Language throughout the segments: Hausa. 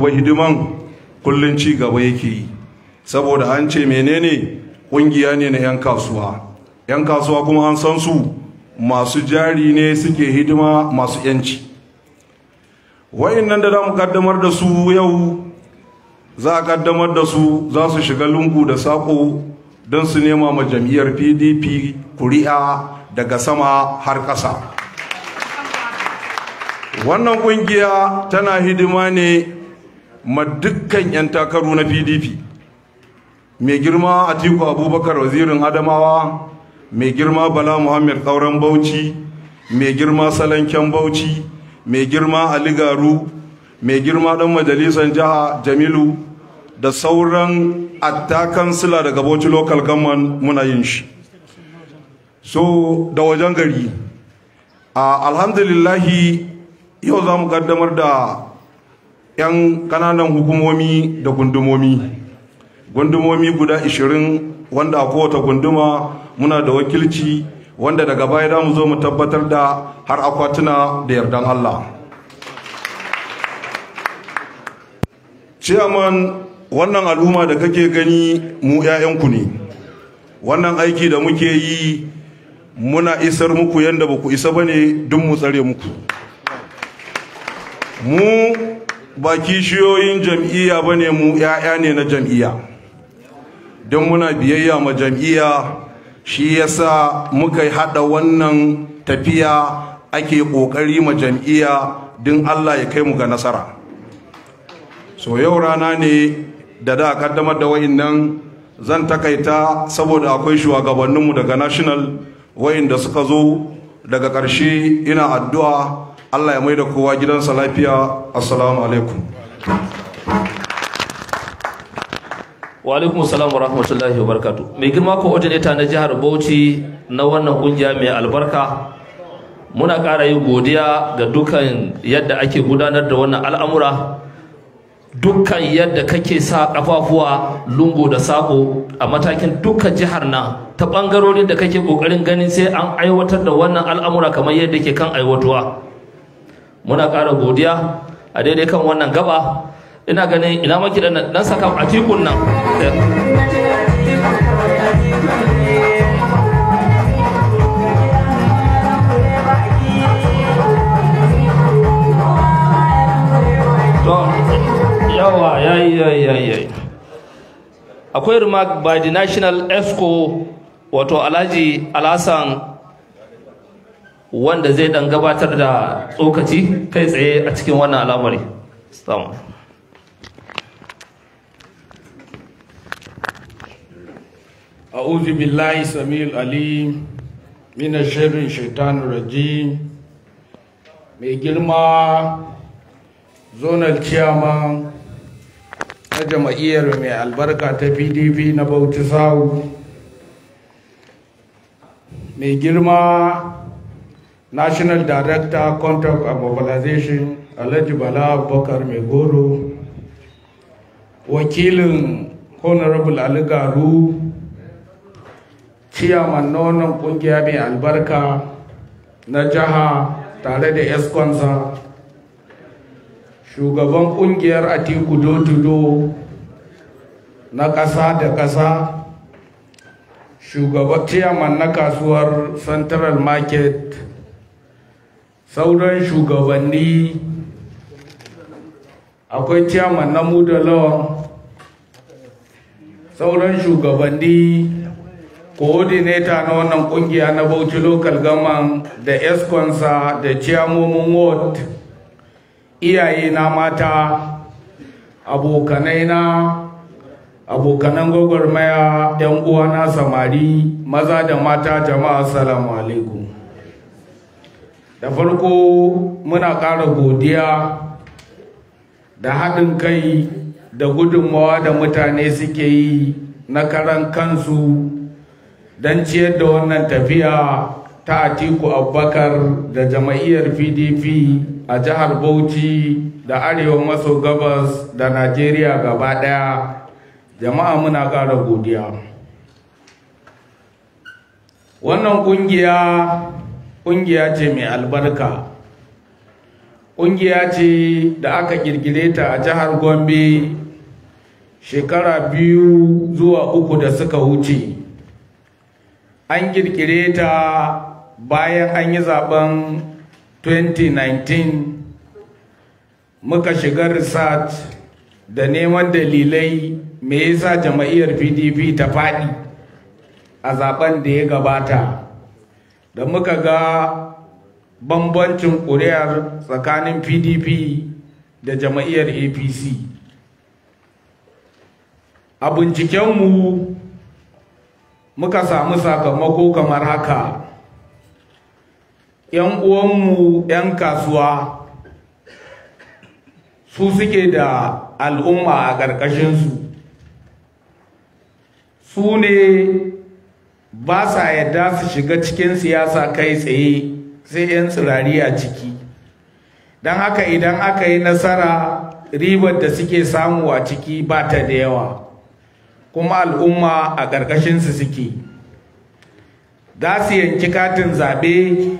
wa hidiman kullun ci gaba yake yi saboda an ce menene kungiya ne na 'yan kasuwa 'yan kasuwa kuma an san su masu jari ne suke hidima masu 'yanci nan da za mu kaddamar da su yau za a kaddamar da su za su shiga lungu da saƙo don su nema ma jam'iyyar pdp kuri'a daga sama har ƙasa wannan ƙungiya tana hidima ne ma dukkan 'yan takaru na pdp mai girma atiku abubakar wazirin adamawa mai girma bala muhammad tsauran bauchi mai girma salanken bauchi mai girma aligaru mai girma dan majalisar jiha jamilu da sauran attakan daga bauchi local government muna yin shi so da wajen gari A alhamdulillahi yau za mu kaddamar da 'yan kananan hukumomi da gundumomi gundumomi guda 20 wanda a kowace gunduma muna da wakilci wanda daga baya za mu zo mu tabbatar da har akwatuna da yardan Allah ciyaman wannan al'umma da kake gani mu 'ya'yanku ne wannan aiki da muke yi muna isar muku yadda ba ku isa ba ne duk mu tsare muku mu ba kishiyoyin jam'iyya ba ne mu 'ya'ya ne na jam'iyya don muna biyayya ma jam'iyya shi yasa muka haɗa wannan tafiya ake ƙoƙari ma jam'iyya don allah ya kai mu ga nasara so yau rana ne da da kaddamar da wa'innan zan takaita saboda akwai shugabanninmu daga national wa'inda suka zo daga ƙarshe ina addu'a Allah ya mai da kowa gidansa lafiya assalamu alaikum wa alaikum salam wa rahmatullahi wa barakatu mai girma ko ordinator na jihar Bauchi na wannan kungiya mai albarka muna ƙara yin godiya ga dukan yadda ake gudanar da wannan al'amura dukkan yadda kake sa kafafuwa lungu da sako a matakin dukkan jihar nan ta bangarorin da kake kokarin ganin sai an aiwatar da wannan al'amura kamar yadda ke kan aiwatuwa muna ƙara godiya a daidai kan wannan gaba ina ganin ina maki dan saka a tikun nan akwai remark by the national esco wato alhaji alhassan wanda zai dan gabatar da tsokaci kai tsaye a cikin wannan al'amari أعوذ billahi السميع Ali, من shirin الشيطان الرجيم mai girma zonal ciyama na jama'iyyar mai albarka ta pdp na bauchi sawu mai girma National Director, Contact and Mobilization, Alhaji Bala Bakar Megoro, wakilin Honorable Ali Garu, Ciyaman nonon mai albarka na jiha tare da Eskonsa, shugaban kungiyar Atiku Dotudo na ƙasa da ƙasa, shugaban ciyaman na kasuwar Central Market, sauran shugabanni akwai ciyaman na lawan sauran shugabanni coordinator na wannan kungiya na bauchi Lokal gaman da eskonsa da ciyamomin ward iyaye na mata abokanai na abokanan gwagwarmaya 'yan uwa na samari maza da mata jama'a salamu alaikum da farko muna ƙara godiya da haɗin kai da gudunmawa da mutane suke yi na karan kansu don ciyar da wannan tafiya ta atiku abubakar da jama'iyyar pdp a jihar bauchi da arewa maso gabas da najeriya gaba ɗaya jama'a muna ƙara godiya wannan ƙungiya ƙungiya ce mai albarka ƙungiya ce da aka ƙirƙire ta a jihar gombe shekara biyu zuwa uku da suka wuce an ƙirƙire ta bayan an yi zaben 2019 muka shiga research da neman dalilai me yasa jama'iyyar pdp ta faɗi a zaben da ya gabata da muka ga bambancin kuri'ar tsakanin pdp da jama'iyyar apc a bincikenmu muka samu sakamako kamar haka 'yan uwanmu 'yan kasuwa su suke da al'umma a ƙarƙashinsu su ne ba sa yadda su shiga cikin siyasa kai tsaye sai 'yan tsirari a ciki don haka idan aka yi nasara ribar da suke samu a ciki ba ta da yawa kuma al'umma a ƙarƙashinsu suke za su yanki katin zaɓe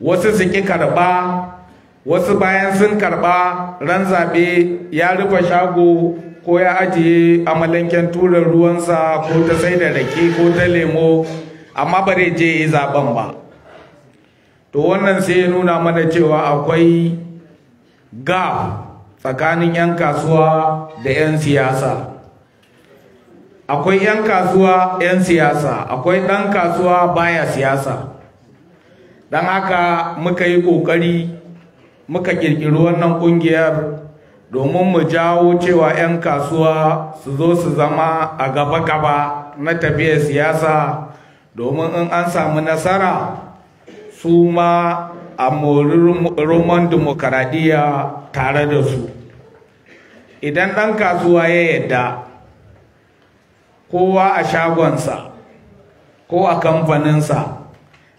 wasu su karɓa wasu bayan sun karɓa ran zaɓe ya rufe shago ko ya ajiye amalanken tura ruwansa ko ta sai da rake ko ta lemo amma bare je yi zaben ba to wannan sai ya nuna mana cewa akwai gap tsakanin 'yan kasuwa da 'yan siyasa akwai 'yan kasuwa 'yan siyasa akwai ɗan kasuwa baya siyasa don haka muka yi ƙoƙari muka ƙirƙiri wannan ƙungiyar domin mu jawo cewa 'yan kasuwa su zo su zama a gaba-gaba na tafiya siyasa domin in an samu nasara su ma a mori roman demokaradiyya tare da su idan ɗan kasuwa ya yadda kowa a shagonsa ko a kamfaninsa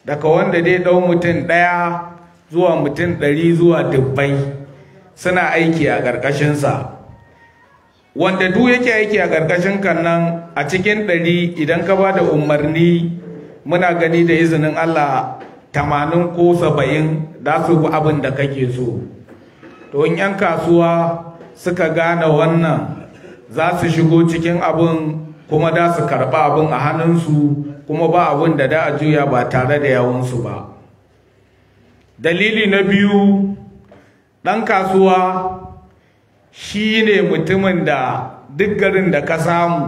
daga wanda dai ɗau mutum ɗaya zuwa mutum ɗari zuwa dubbai suna aiki a ƙarƙashinsa wanda duk yake aiki a ƙarƙashin kan nan a cikin ɗari idan ka ba da umarni muna gani da izinin Allah tamanin ko saba'in za su bi abin da kake so to in 'yan kasuwa suka gane wannan za su shigo cikin abin kuma da su karɓa abin a hannunsu kuma ba abin da da a juya ba tare da yawunsu ba dalili na biyu ɗan kasuwa shi ne mutumin da duk garin da ka samu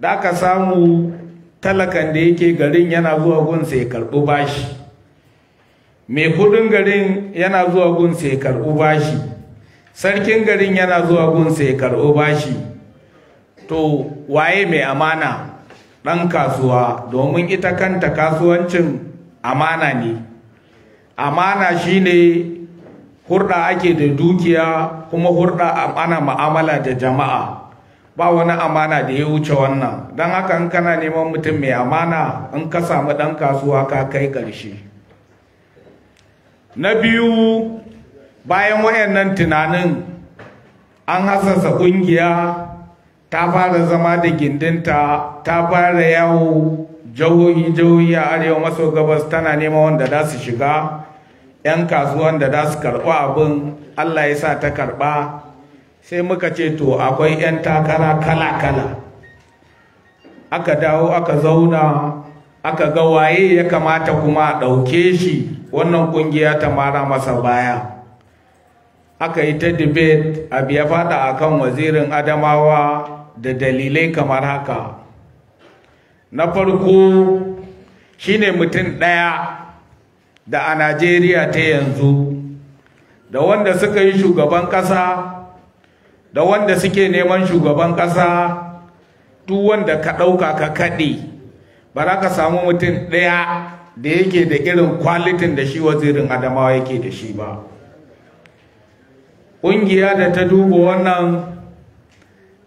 da ka samu talakan da yake garin yana zuwa gunsa ya karɓi bashi mai kudin garin yana zuwa gunsa ya karɓi bashi sarkin garin yana zuwa gunsa ya karɓi bashi to waye mai amana ɗan kasuwa domin ita kanta kasuwancin amana ne amana shi ne. hurɗa ake da dukiya kuma hurɗa ana ma'amala da jama'a ba wani amana da ya wuce wannan don haka in kana neman mutum mai amana in ka samu ɗan kasuwa ka kai ƙarshe na biyu bayan wayannan tunanin an hasasa ƙungiya ta fara zama da gindinta ta fara yawo jihohi jihohi a arewa maso gabas tana neman wanda za su shiga 'yan kasuwan da za su karɓi abin Allah ya sa ta karɓa sai muka ce to akwai 'yan takara kala-kala aka dawo aka zauna aka ga waye ya kamata kuma a ɗauke shi wannan ƙungiya ta mara masa baya aka yi ta debate biya fada faɗa kan wazirin adamawa da dalilai kamar haka na farko shine mutum ɗaya da a Najeriya ta yanzu da wanda suka yi shugaban ƙasa da wanda suke neman shugaban ƙasa duk wanda ka ɗauka ka kaɗe ba za ka samu mutum ɗaya da yake da irin kwalitin da shi wazirin adamawa yake da shi ba ƙungiya da ta duba wannan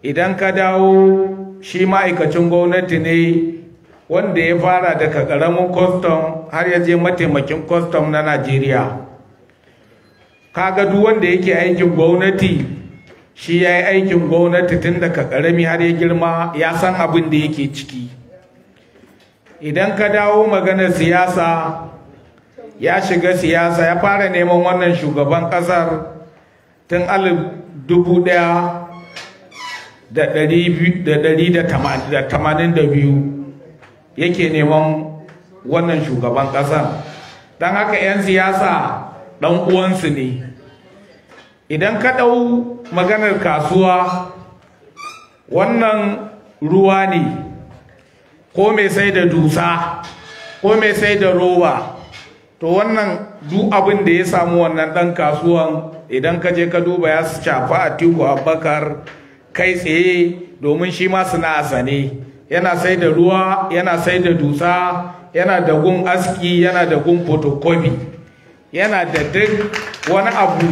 idan ka dawo shi ma'aikacin gwamnati ne wanda ya fara daga ƙaramin kwastam har ya je mataimakin kwastam na najeriya Ka duk wanda yake aikin gwamnati shi ya yi aikin gwamnati tun daga ƙarami har ya girma ya san abin da yake ciki idan ka dawo maganar siyasa ya shiga siyasa ya fara neman wannan shugaban ƙasar tun alif dubu ɗaya da ɗari da tamanin da biyu yake neman wannan shugaban ƙasa don haka 'yan siyasa ɗan uwansu ne idan ka ɗau maganar kasuwa wannan ruwa ne ko mai sai da dusa ko mai sai da roba to wannan duk abin da ya samu wannan ɗan kasuwan idan ka je ka duba ya shafa a tiku abubakar kai tsaye domin shi ma suna a sane yana sai da ruwa yana sai da dusa yana da gun aski yana da gun photocopy yana da duk wani abu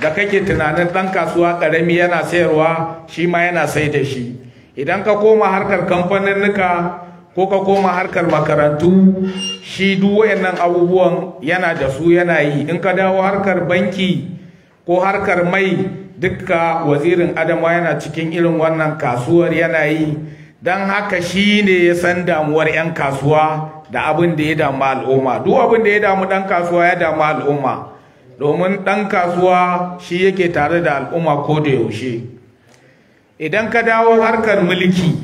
da kake tunanin ɗan kasuwa karami yana sayarwa shi ma yana sai da shi idan ka koma harkar kamfaninnika ko ka koma harkar makarantu shi duk wayannan abubuwan yana da su yana yi in ka dawo harkar banki ko harkar mai dukka wazirin adama yana cikin irin wannan kasuwar yana yi don haka shi ne ya san damuwar 'yan kasuwa da abin da ya damu al'umma duk abin da ya damu dan kasuwa ya damu al'umma domin dan kasuwa shi yake tare da al'umma ko da yaushe idan ka dawo harkar mulki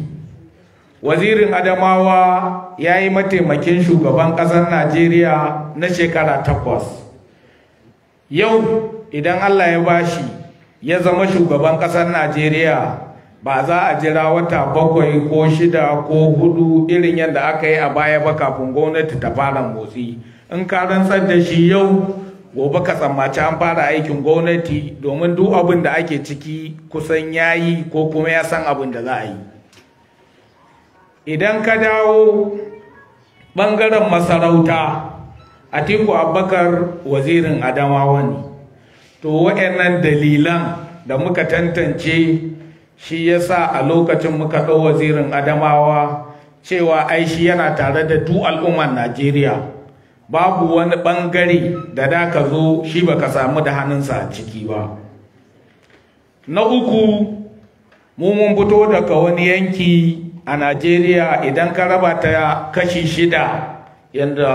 wazirin adamawa ya yi mataimakin shugaban ƙasar najeriya na shekara takwas yau idan allah ya bashi ya zama shugaban ƙasar najeriya ba za a jira wata bakwai ko shida ko hudu irin yadda aka yi a baya ba kafin gwamnati ta fara motsi in ka rantsar da shi yau gobe ka tsammaci an fara aikin gwamnati domin duk abin da ake ciki kusan ya yi ko kuma ya san abin da za a yi idan ka dawo ɓangaren masarauta a atiku abubakar wazirin adamawa ne to waɗannan dalilan da muka tantance shi yasa a lokacin muka ɗau wazirin adamawa cewa ai shi yana tare da duk al'ummar najeriya babu wani ɓangare da da ka zo shi baka samu da hannunsa a ciki ba na uku mu mun fito daga wani yanki a najeriya idan ka raba ta kashi shida yadda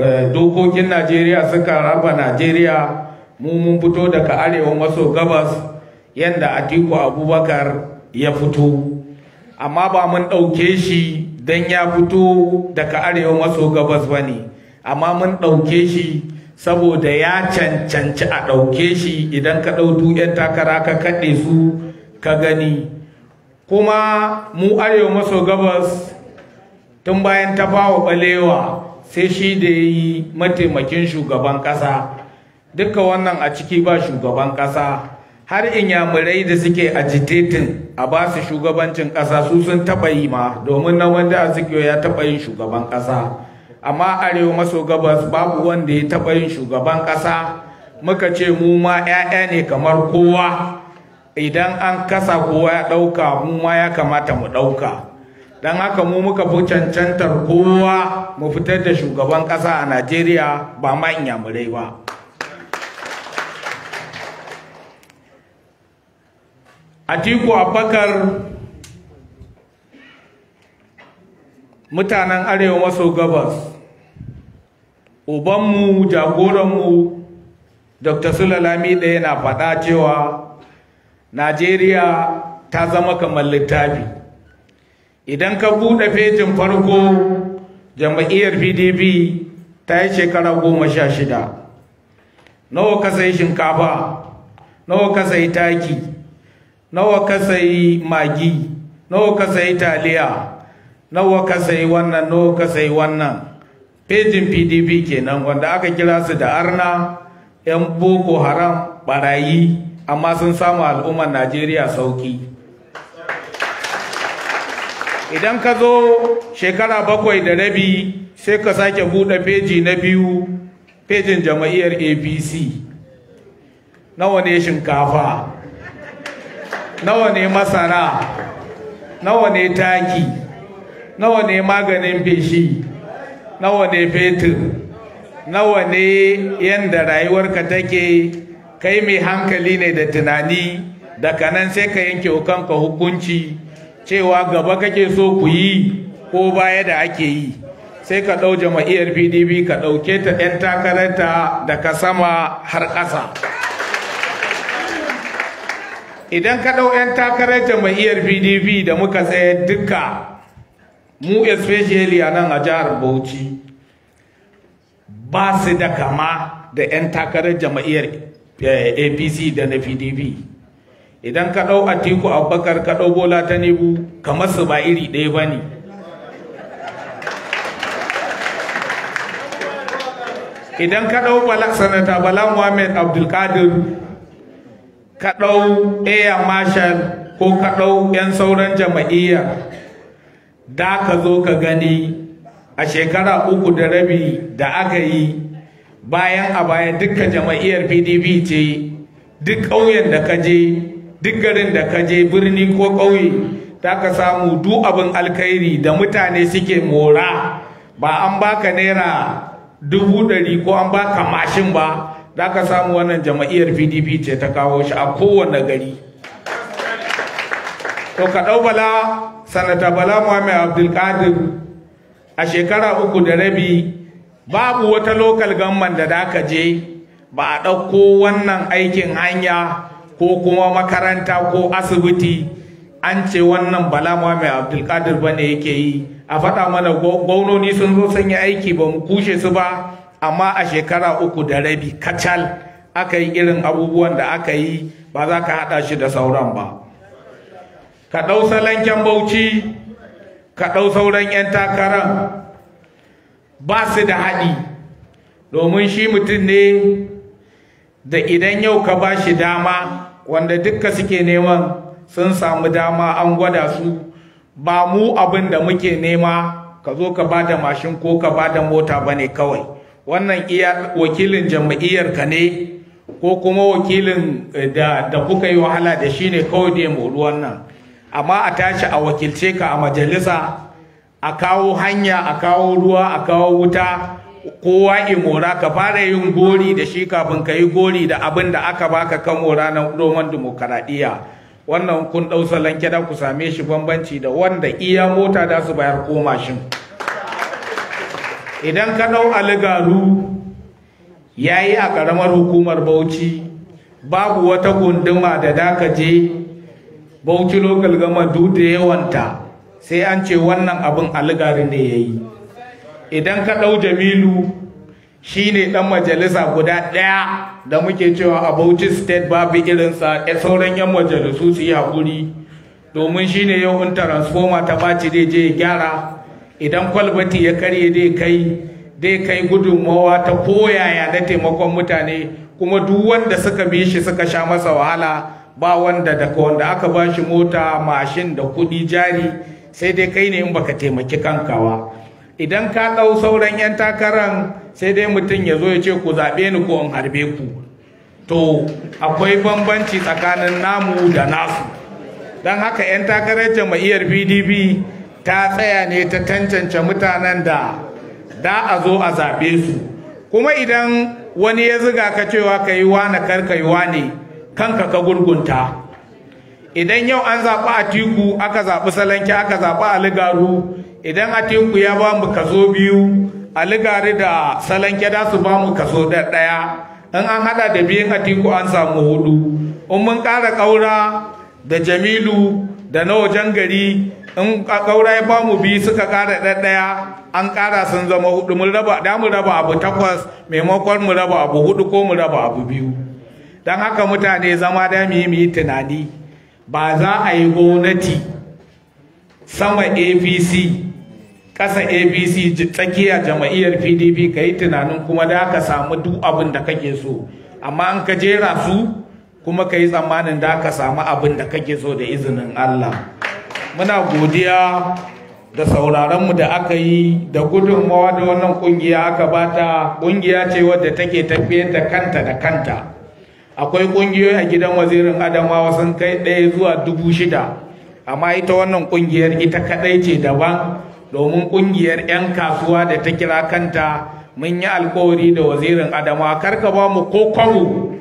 eh, dokokin najeriya suka raba najeriya mu mun fito daga arewa maso gabas yadda atiku abubakar ya fito amma ba mun ɗauke shi don ya fito daga arewa maso gabas ba ne amma mun ɗauke shi saboda ya cancanci a ɗauke shi idan ka ɗautu 'yan takara ka kaɗe su ka gani kuma mu arewa maso gabas tun bayan ta bawa ɓalewa sai shi da ya yi mataimakin shugaban ƙasa duka wannan a ciki ba shugaban ƙasa har inyamurai da suke agitating a ba su shugabancin ƙasa su sun taɓa yi ma domin na wanda a ya taɓa yin shugaban ƙasa amma arewa maso gabas babu wanda ya taɓa yin shugaban ƙasa muka ce mu ma 'ya'ya ne kamar kowa idan an kasa kowa ya ɗauka mu ma ya kamata mu ɗauka don haka mu muka fi cancantar kowa mu fitar da shugaban ƙasa a najeriya ba ma inyamurai ba atiku abakar mutanen arewa maso gabas ubanmu jagoranmu dr sulalami ɗaya yana faɗa cewa najeriya ta zama kamar littafi idan ka buɗe fejin farko jam'iyyar pdp ta yi shekara goma sha shida nawa ka sai shinkafa nawa ka sai taki nawa ka sayi magi nawa ka sayi taliya nawa ka sayi wannan nawa ka sayi wannan pejin pdp kenan wanda aka kira su da arna yan boko haram barayi amma sun samu al'ummar najeriya sauki idan ka zo shekara bakwai da rabi sai ka sake buɗe peji na biyu pejin jama'iyyar apc nawa ne shinkafa nawa ne masara nawa ne taki nawa ne maganin feshi nawa ne fetur nawa ne yadda rayuwarka take kai mai hankali ne da tunani daga nan sai ka yanke kanka hukunci cewa gaba kake so ku yi ko baya da ake yi sai ka ɗau jama'iyyar pdp ka ɗauke ta 'yan takararta daga sama har ƙasa. idan ka ɗau 'yan takarar jama'iyyar pdp da muka tsaye duka mu especially a nan a jihar bauchi ba su da kama da 'yan takarar jama'iyyar eh, apc da na pdp idan ka ɗau atiku abubakar ka ɗau bola ta nebu kamar su ba iri ɗaya ba ne idan ka ɗau sanata bala muhammed abdulkadir Kaɗau air marshal ko kaɗau 'yan sauran jama'iyya da ka zo ka gani a shekara uku da rabi da aka yi bayan a baya dukkan jama'iyyar pdp ce duk ƙauyen da ka je duk garin da ka je birni ko ƙauye ta ka samu du abin alkhairi da mutane suke mora ba an baka naira dubu ɗari ko an baka mashin ba da ka samu wannan jama'iyyar pdp ce ta kawo shi a kowane gari to ka ɗau bala sanata bala muhammad abdulkadir a shekara uku da rabi babu wata lokal gamman da daka je ba a ɗauko wannan aikin hanya ko kuma makaranta ko asibiti an ce wannan bala muhammad abdulkadir ba ne yake yi a faɗa mana gwamnoni sun zo sun yi aiki ba mu kushe su ba amma a shekara uku da rabi kacal aka yi irin abubuwan da aka yi ba za ka haɗa shi da sauran ba ka ɗau salanken bauchi ka ɗau sauran 'yan takarar ba su da haɗi domin shi mutum ne da idan yau ka ba shi dama wanda dukka suke neman sun samu dama an gwada su ba mu abin da muke nema ka zo ka ba da mashin ko ka ba da mota ba ne kawai wannan iya wakilin jam'iyyar ka ne ko kuma wakilin eh, da da kuka yi wahala da shi ne kawai da mu wannan amma a tashi a wakilce ka a majalisa a kawo hanya a kawo ruwa a kawo wuta kowa imora ka fara yin gori da shi kafin ka yi gori da abin da aka baka kan mora na roman dimokuraɗiyya wannan kun ɗau salon kida ku same shi bambanci da wanda iya mota da su bayar ko mashin. idan ka ɗau aligaru ya yi a ƙaramar hukumar bauchi babu wata gunduma da daka je bauchi lokal gama dutse yawanta sai an ce wannan abin aligari ne ya yi idan ka ɗau jamilu shi ne ɗan majalisa guda ɗaya da muke cewa a bauchi state babu irinsa ya eh, sauran 'yan majalisu su yi haƙuri domin shi ne yau in transformer ta ɓaci da je gyara idan kwalbati ya karye dai kai dai kai gudunmawa ta koyaya na taimakon mutane kuma duk wanda suka bi shi suka sha masa wahala ba wanda daga wanda aka ba shi mota mashin da kuɗi jari sai dai kai ne in baka taimaki kankawa idan ka ɗau sauran 'yan takaran sai dai mutum ya zo ya ce ku zaɓe ni ko in harbe ku to akwai bambanci tsakanin namu da nasu don haka 'yan takarar jama'iyyar pdp ta tsaya ne ta tantance mutanen da da a zo a zaɓe su kuma idan wani ya ziga ka cewa ka yi wane kar ka yi wane kanka ka gurgunta idan yau an zaɓi atiku aka zaɓi Salanke aka zaɓi aligaru idan atiku ya ba mu kaso biyu aligari da Salanke da su ba mu kaso ɗaya in an haɗa da biyan atiku an samu hudu in mun ƙara ƙaura da jamilu da na wajen gari in ƙaura ba mu biyu suka ƙara ɗaya-ɗaya an ƙara sun zama hudu mu raba da mu raba abu takwas maimakon mu raba abu hudu ko mu raba abu biyu dan haka mutane zama da mu yi mu tunani ba za a yi gwamnati sama apc ƙasa apc tsakiya jama'iyyar pdp ka yi tunanin kuma da ka samu duk abin da kake so amma in ka jera su kuma ka yi tsammanin da ka samu abin da kake so da izinin allah muna godiya da sauraronmu da aka yi da gudunmawa da wannan kungiya aka bata kungiya ce wadda take tafiyar da kanta da kanta akwai kungiyoyi a gidan wazirin adamawa sun kai ɗaya zuwa dubu shida amma ita wannan kungiyar ita kaɗai ce daban domin kungiyar 'yan kasuwa da ta kira kanta mun yi alkawari da wazirin adamawa Kar ka ba mu kokoro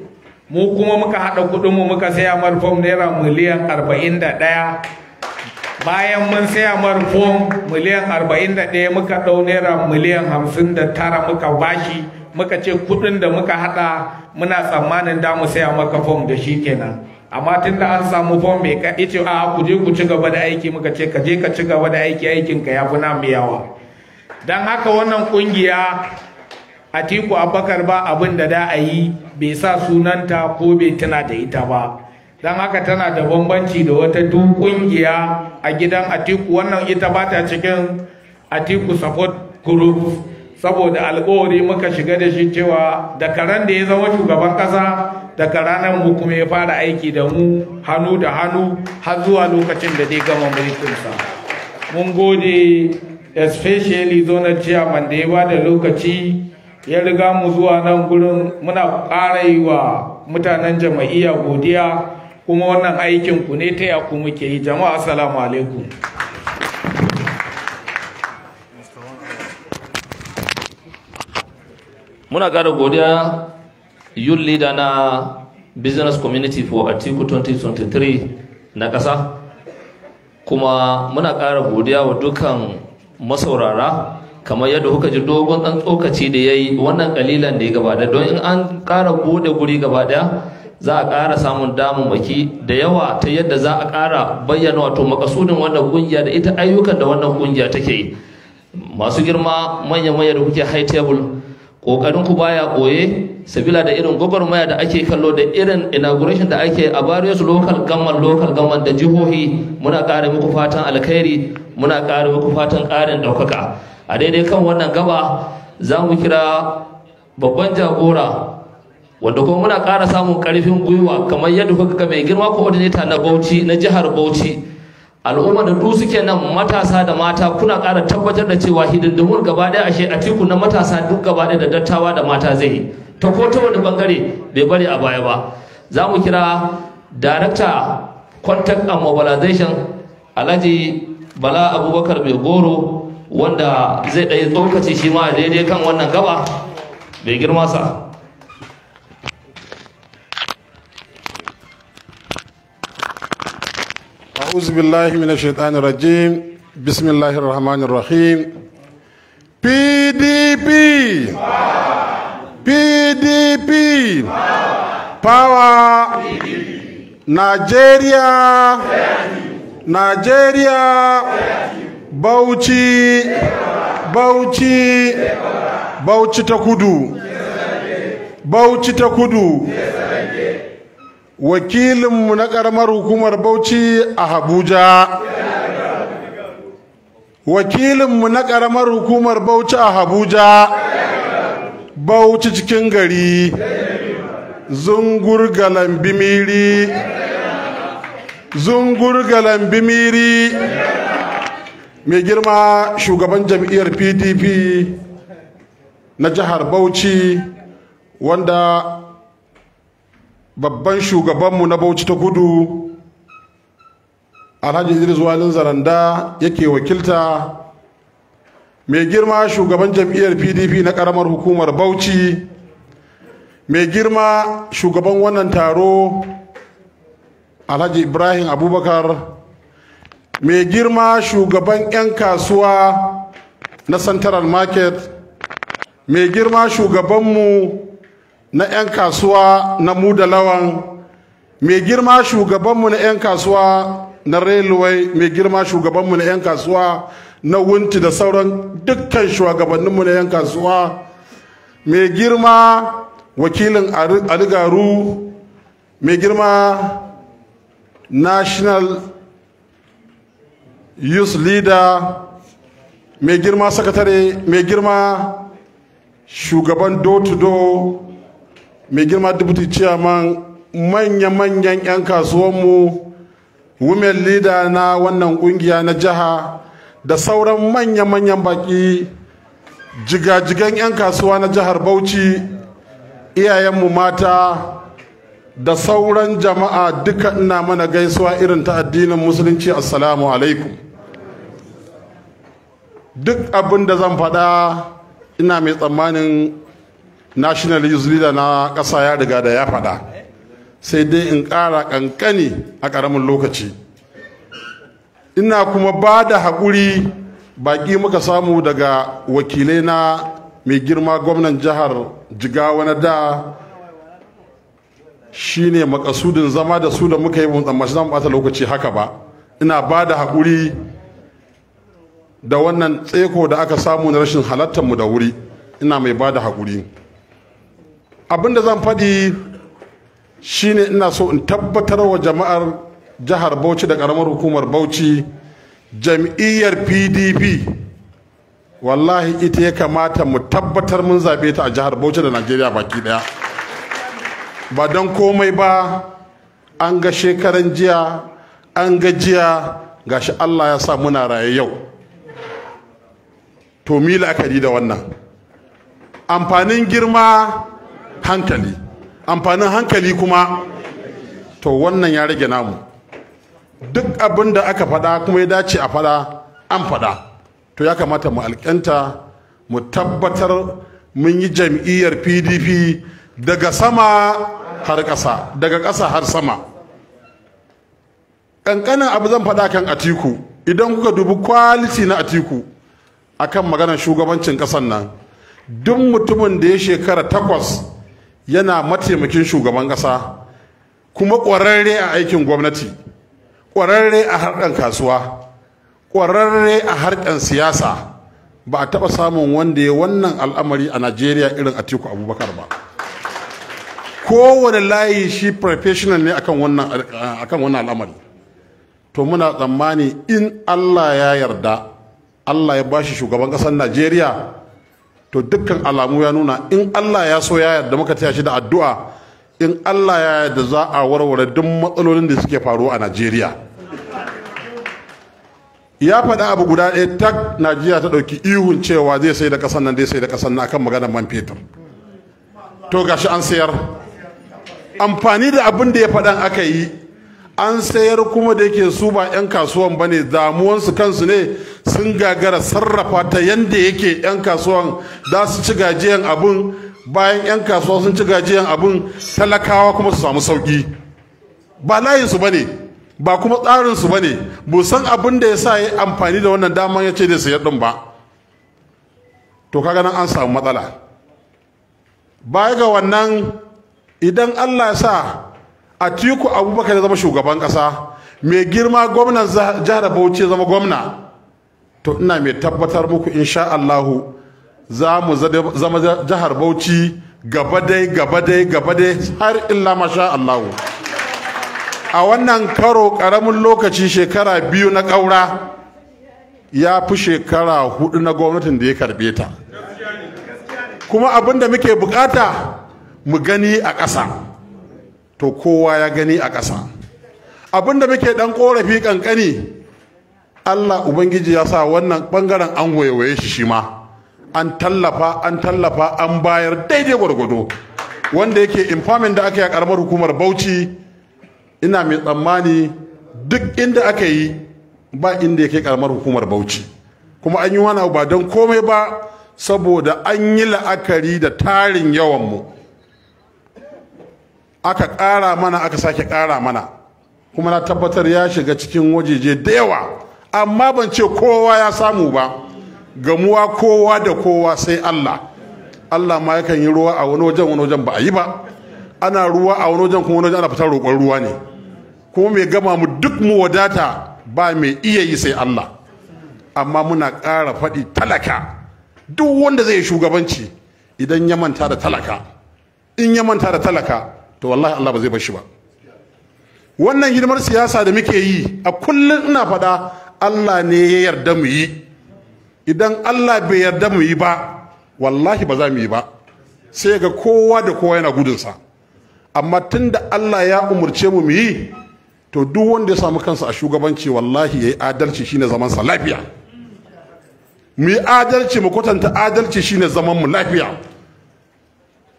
mu kuma muka haɗa kuɗinmu muka saya marfam naira miliyan arba'in da ɗaya bayan mun saya fom miliyan 41 muka ɗau naira miliyan 59 muka bashi muka ce kuɗin da muka haɗa muna tsammanin da mu saya maka fom da shi kenan amma tun da an samu fom mai ka ce a ku je ku ci gaba da aiki muka ce ka je ka ci gaba da aiki aikin ka ya fi mai yawa don haka wannan kungiya Atiku abakar ba abin da da a yi bai sa sunanta ko bai tana da ita ba don haka tana da bambanci da wata duk kungiya a gidan atiku wannan ita ba ta cikin atiku support group saboda alkawari muka shiga da shi cewa da karan da ya zama shugaban kasa daga ranar mu ya fara aiki da mu hannu da hannu har zuwa lokacin da dai gama mulkinsa mun gode especially zonar chairman da ya ba da lokaci ya riga mu zuwa nan gurin muna ƙara wa mutanen jama'iyya godiya kuma wannan aikin ku ne ta yaku muke yi jama'a assalamu alaikum muna ƙara godiya yun leader na business community for article 2023 na ƙasa kuma muna kara godiya wa dukkan masaurara kamar yadda kuka ji dogon dan tsokaci da ya yi wannan ƙalilan da ya gaba da don in an ƙara bude guri gaba ɗaya za a ƙara samun damammaki da yawa ta yadda za a ƙara bayyana wato makasudin wannan kungiya da ita ayyukan da wannan ƙungiya take yi masu girma manya-manya da kuke high table ƙoƙarin ku baya koye sabila da irin gwagwarmaya da ake kallo da irin inauguration da ake a various local gamman local gamman da jihohi muna ƙara muku fatan alkhairi muna ƙara muku fatan ƙarin ɗaukaka a daidai kan wannan gaba za mu kira babban jagora wanda kuma muna ƙara samun ƙarfin gwiwa kamar yadda kuka ga mai girma ko coordinator na Bauchi na jihar Bauchi al'umma da suke nan matasa da mata kuna ƙara tabbatar da cewa hidindimun gaba ɗaya ashe a tiku na matasa duk gaba ɗaya da dattawa da mata zai yi ta ko ta wani bangare bai bari a baya ba za mu kira director contact and mobilization alhaji bala abubakar mai goro wanda zai ɗaya tsokaci shi ma daidai kan wannan gaba bai girma sa أعوذ بالله من الشيطان الرجيم بسم الله الرحمن الرحيم PDP PDP Power Nigeria Nigeria Bauchi Bauchi Bauchi ta kudu Bauchi ta kudu wakilinmu na ƙaramar hukumar bauchi a habuja wakilinmu na ƙaramar hukumar bauchi a habuja bauchi cikin gari zungur miri zungur miri mai girma shugaban jam'iyyar pdp na jihar bauchi wanda babban shugabanmu na bauchi ta gudu. alhaji idris walin zaranda yake wakilta mai girma shugaban jam'iyyar pdp na karamar hukumar bauchi mai girma shugaban wannan taro alhaji ibrahim abubakar mai girma shugaban 'yan kasuwa na central market mai girma shugabanmu na 'yan kasuwa na mu da lawan mai girma shugabanmu na 'yan kasuwa na railway mai girma shugabanmu na 'yan kasuwa na wunti da sauran dukkan shugabanninmu na 'yan kasuwa mai girma wakilin aligaru mai girma national youth leader mai girma sakatare mai girma shugaban do-to-do mai girma dubuti ciyaman manya-manyan 'yan kasuwanmu women leader na wannan kungiya na jiha da sauran manya-manyan baki jigajigan 'yan kasuwa na jihar bauchi iyayenmu mata da sauran jama'a duka ina mana gaisuwa irin ta addinin musulunci assalamu alaikum duk abin da zan faɗa ina mai tsammanin national youth leader na ƙasa ya riga da ya faɗa sai dai in ƙara ƙanƙani a ƙaramin lokaci ina kuma ba da haƙuri baƙi muka samu daga wakilai na mai girma gwamnan jihar jigawa na da shine makasudin zama da su da muka yi mun tsammaci za lokaci haka ba ina ba da haƙuri da wannan tseko da aka samu na rashin halartar mu da wuri ina mai ba da haƙuri abin da zan faɗi shine ina so in tabbatar wa jama'ar jihar bauchi da ƙaramar hukumar bauchi jam'iyyar pdp wallahi ita ya kamata mu tabbatar mun zaɓe ta a jihar bauchi da najeriya baki ɗaya ba don komai ba an ga shekaran jiya an ga jiya gashi allah ya sa muna raye yau to mi la'akari da wannan amfanin girma hankali amfanin hankali kuma to wannan ya rage namu duk abin da aka faɗa kuma ya dace a faɗa an faɗa to ya kamata mu alƙanta mu tabbatar mun yi jam'iyyar pdp daga sama har ƙasa daga ƙasa har sama ƙanƙanin abu zan faɗa kan atiku idan kuka dubi kwaliti na atiku akan maganar shugabancin ƙasan nan duk mutumin da ya shekara takwas yana mataimakin shugaban ƙasa kuma ƙwararre a aikin gwamnati ƙwararre a harkar kasuwa ƙwararre a harkar siyasa ba a taɓa samun wanda ya wannan al'amari a najeriya irin atiku abubakar ba kowane layi shi professional ne akan wannan al'amari to muna tsammani in allah ya yarda allah ya bashi shugaban ƙasar najeriya to dukkan alamu ya nuna in Allah ya so ya yarda muka taya shi da addu'a in Allah ya yarda za a warware duk matsalolin da suke faruwa a Najeriya ya faɗa abu guda ɗaya tak Najeriya ta ɗauki ihun cewa zai sai da ƙasar nan zai sai da ƙasar nan akan maganar man fetur to gashi an sayar amfani da abin da ya faɗan aka yi an sayar kuma da yake su ba 'yan kasuwan ba ne damuwansu kansu ne sun gagara sarrafa ta yadda yake 'yan kasuwan za su ci gajiyan abin bayan 'yan kasuwa sun ci gajiyan abin talakawa kuma su samu sauki ba layinsu ba ne ba kuma tsarinsu ba ne busan abin da ya sa ya amfani da wannan daman ya ce da sayar ba to kaga nan an samu matsala baya ga wannan idan allah ya sa a tiku abubakar ya zama shugaban kasa mai girma gwamnan jihar bauchi ya zama gwamna to ina mai tabbatar muku insha allahu za mu zama jihar bauchi gaba dai gaba dai har illa masha allahu a wannan karo karamin lokaci shekara biyu na kaura ya fi shekara hudu na gwamnatin da ya karbe ta kuma abin da muke bukata mu gani a ƙasa to kowa ya gani a ƙasa abinda muke ɗan korafi kankani Allah ubangiji ya sa wannan ɓangaren an wayewaye shi shi ma an tallafa an tallafa an bayar daidai gwargwado wanda yake infamin da aka yi a karamar hukumar Bauchi ina mai tsammani duk inda aka yi ba inda yake ƙaramar hukumar Bauchi kuma an yi wani abu ba don komai ba saboda an yi la'akari da tarin yawan mu aka ƙara mana aka sake ƙara mana kuma na tabbatar ya shiga cikin wajeje da yawa amma ban ce kowa ya samu ba gamuwa kowa da kowa sai Allah Allah ma yakan yi ruwa a wani wajen wani wajen ba a yi ba ana ruwa a wani wajen kuma wani wajen ana fitar roƙon ruwa ne kuma mai gama mu duk mu wadata ba mai iya yi sai Allah amma muna ƙara faɗi talaka duk wanda zai shugabanci idan ya manta da talaka in ya manta da talaka to wallahi Allah ba zai bar shi ba wannan hidimar siyasa da muke yi a kullum ina faɗa Allah ne ya yarda mu yi idan Allah bai yarda mu yi ba wallahi ba za mu yi ba sai ga kowa da kowa yana gudunsa amma tun da Allah ya umurce mu mu yi to duk wanda ya samu kansa a shugabanci wallahi yayi adalci shine zaman sa lafiya mu yi adalci mu kwatanta adalci shine zaman mu lafiya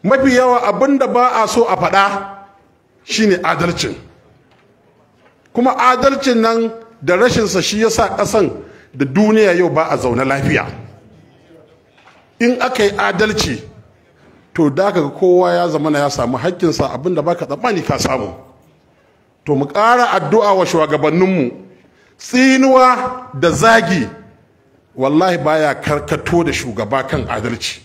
mafi yawa abin da ba a so a faɗa shine adalcin kuma adalcin nan da rashinsa shi yasa ƙasan da duniya yau ba a zaune lafiya in aka yi adalci to da ka kowa ya zama ya samu haƙƙinsa abin da baka tsammani ka samu to mu ƙara addu'a wa shugabanninmu tsinuwa da zagi wallahi baya karkato da shugaba kan adalci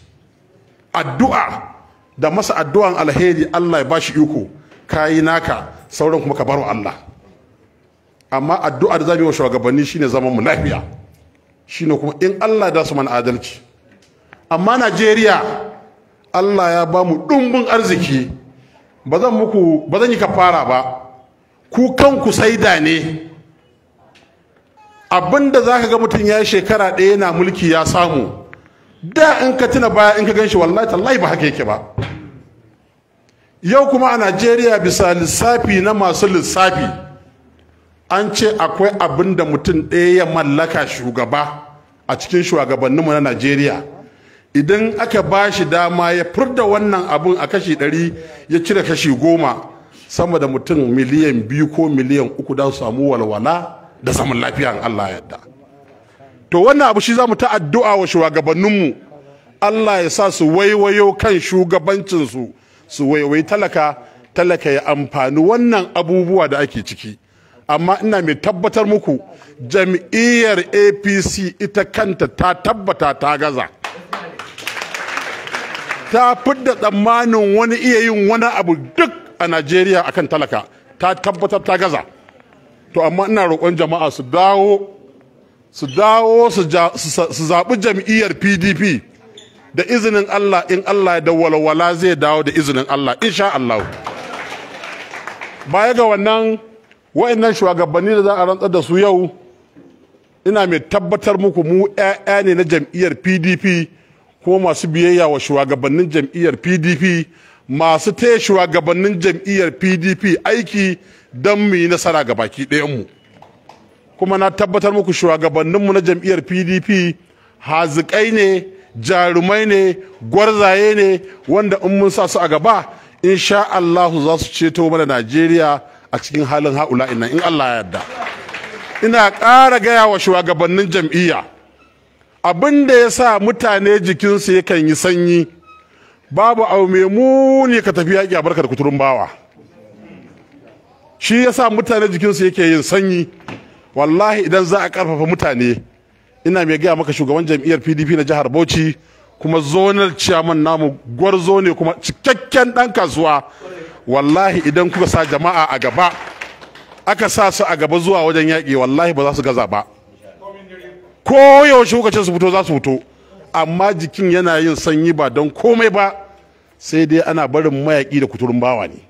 addu'a da masa addu'an alheri Allah ya ba shi iko kayi naka sauran kuma ka baro Allah amma addu'a da zamu yi wa shugabanni shine zaman mu lafiya shine kuma in Allah da su mana adalci amma Najeriya Allah ya ba mu dumbin arziki ba zan muku ba zan yi kafara ba ku kanku saida ne abinda zaka ga mutum ya shekara ɗaya na mulki ya samu da in ka tuna baya in ka gan shi wallahi tallahi ba haka yake ba yau kuma a najeriya bisa lissafi na masu lissafi an ce akwai abin da mutum ɗaya ya mallaka shugaba a cikin shugabanninmu na najeriya idan aka ba shi dama ya furda wannan abin a kashi ɗari ya cire kashi goma sama da mutum miliyan biyu ko miliyan uku da su samu walwala da samun lafiya Allah yadda. to wannan abu shi za mu ta addu'a wa shugabanninmu Allah ya sa su waiwayo kan shugabancinsu su waiwayi talaka talaka ya amfani wannan abubuwa da ake ciki amma ina mai tabbatar muku jam'iyyar apc ita kanta ta tabbata ta gaza ta fidda tsammanin wani iya yin wani abu duk a najeriya akan talaka ta tabbatar ta gaza to amma ina roƙon jama'a su dawo su dawo su zaɓi jam'iyyar pdp da izinin allah in allah da walwala zai dawo da izinin allah insha allah baya ga wannan wa'annan shugabanni da za a rantsar da su yau ina mai tabbatar muku mu 'ya'ya ne na jam'iyyar pdp kuma masu biyayya wa shugabannin jam'iyyar pdp masu ta shugabannin jam'iyyar pdp aiki don mu yi nasara ga baki ɗayanmu kuma na tabbatar muku shugabanninmu na jam'iyyar pdp hazikai ne jarumai ne gwarzaye ne wanda in mun sa su a gaba insha allahu za su ceto mana najeriya a cikin halin haula ina in allah ya yarda ina ƙara gaya wa shugabannin jam'iyya abinda da ya sa mutane jikinsu yakan yi sanyi babu abu mai muni ka tafi yaƙi a barkar kuturin bawa shi ya sa mutane jikinsu yake yin sanyi wallahi idan za a karfafa mutane ina mai gaya maka shugaban jam'iyyar pdp na jihar bauchi kuma zonar ciyaman namu gwarzo ne kuma cikakken dan kasuwa wallahi idan kuka sa jama'a a gaba aka sa su a gaba zuwa wajen yaƙi wallahi ba za su gaza ba ko yaushe kuka su fito za su fito amma jikin yana yin sanyi ba don komai ba sai dai ana barin mayaƙi da kuturin bawa ne